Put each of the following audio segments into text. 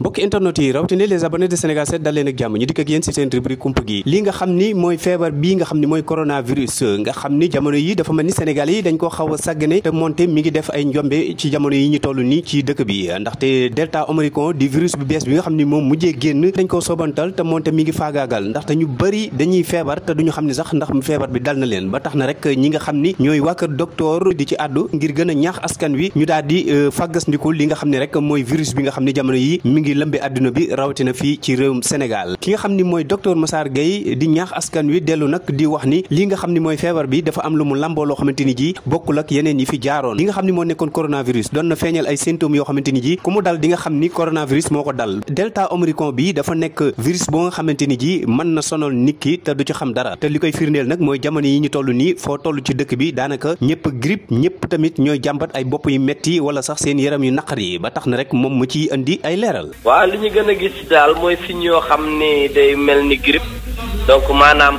mbokki internet yi rawatina les abonnés de Sénégal 7 dal leen ak jàmm ñu dikk ak yéen ci seen rubrique kumpa gi li nga xam ni mooy feebar bii nga xam ni mooy coronavirus dafa mel ni Sénégal yi ko xaw a sàggane te moonte ngi def ay njombe ci jamono yi ñu toll nii ci dëkk bi ndaxte delta omicron di virus bu bees bi nga xam ni moom mujjee génn dañ ko soobantal te moonte mi ngi faagaagal ndaxte ñu bëri dañuy feebar te duñu xam ni sax ndax feebar bi dal na leen ba tax na rek ñi nga xam ni ñooy waa kër docteur di ci àddu ngir gën a ñaax askan wi ñu daal di euh, fàggasndiku li nga xam ni rek mooy virus bi nga xam ni jamono yi ngi lëmbe àdduna bi rawatina fii ci réewum Sénégal ki nga xam ni mooy docteur Massar Gueye di ñaax askan wi dellu nag di wax ni lii nga xam ni mooy feebar bi dafa am lu mu lamboo loo xamante ni ji bokkul ak yeneen yi fi jaaroon li nga xam ni moo nekkoon coronavirus doon na feeñal ay symptômes yoo xamante ni ji ku mu dal di nga xam ni coronavirus moo ko dal delta omicron bi dafa nekk virus boo nga xamante ni ji mën na sonal nit te du ci xam dara te li koy firndeel mooy jamono yi ñu toll nii foo toll ci dëkk bi daanaka ñëpp grippe ñëpp tamit ñooy jàmbat ay bopp yu metti wala sax seen yaram yu naqar yi na rek moom mu ciy waaw li ñu gën a gis daal mooy si yoo xam ni day mel ni grippe donc maanaam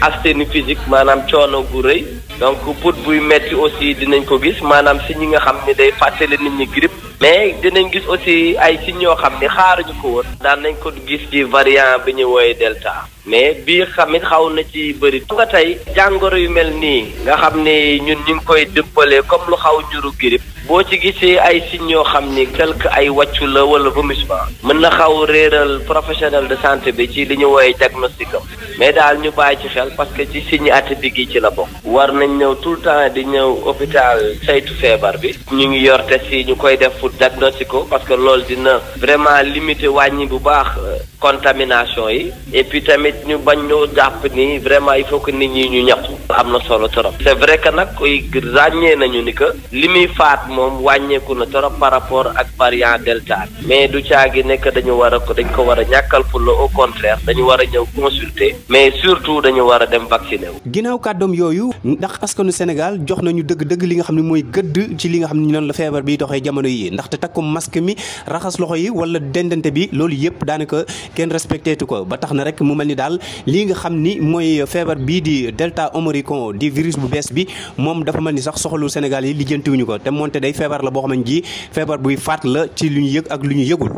asthénie physique maanaam coono gu rëy donc put buy metti aussi dinañ ko gis maanaam si ñi nga xam ni day fàttali nit ñi grippe mais dinañ gis aussi ay si yoo xam ni xaaruñu ko woon daan nañ ko gis ci variant bi ñuy woowee delta mais bii xamit xaw na ci bëri nga tey jàngoro yu mel nii nga xam ni ñun ñu koy dëppalee comme lu xaw njuru grippe boo ci gisee ay signes yoo xam ni quelque ay wàccu la wala vomissement mën na xaw réeral professionnel de santé bi ci li ñu woowee diagnostic mais daal ñu bàyyi ci xel parce que ci signe atypique yi ci la bokk war nañ ñëw tout le temps di ñëw hôpital saytu feebar bi ñu ngi yor test yi ñu koy def pour diagnostico parce que lool dina vraiment limiter wàññi bu baax euh, contamination yi et tamit ñu bañ ñoo jàpp ni vraiment il faut nit ñi ñu ñaxtu am na solo trop c'est vrai que moom wàññeeku na trop par rapport ak variant delta mais du caagi nekk dañu war a ko dañ ko war a ñàkkal pour au contraire dañu war a ñëw consulter mais surtout dañu war a dem vacciner wu. ginnaaw kàddoom yooyu ndax askanu Sénégal jox nañu dëgg-dëgg li nga xam ne mooy gëdd ci li nga xam ne noonu la feebar bi doxee jamono yi ndaxte takku masque mi raxas loxo yi wala dendante bi loolu yëpp daanaka kenn respecté tu ko ba tax na rek mu mel ni daal li nga xam ni mooy feebar bii di delta omicron di virus bu bees bi moom dafa mel ni sax soxalu feebar la boo xam ji feebar buy faat la ci lu ñu yëg ak lu ñu yëgul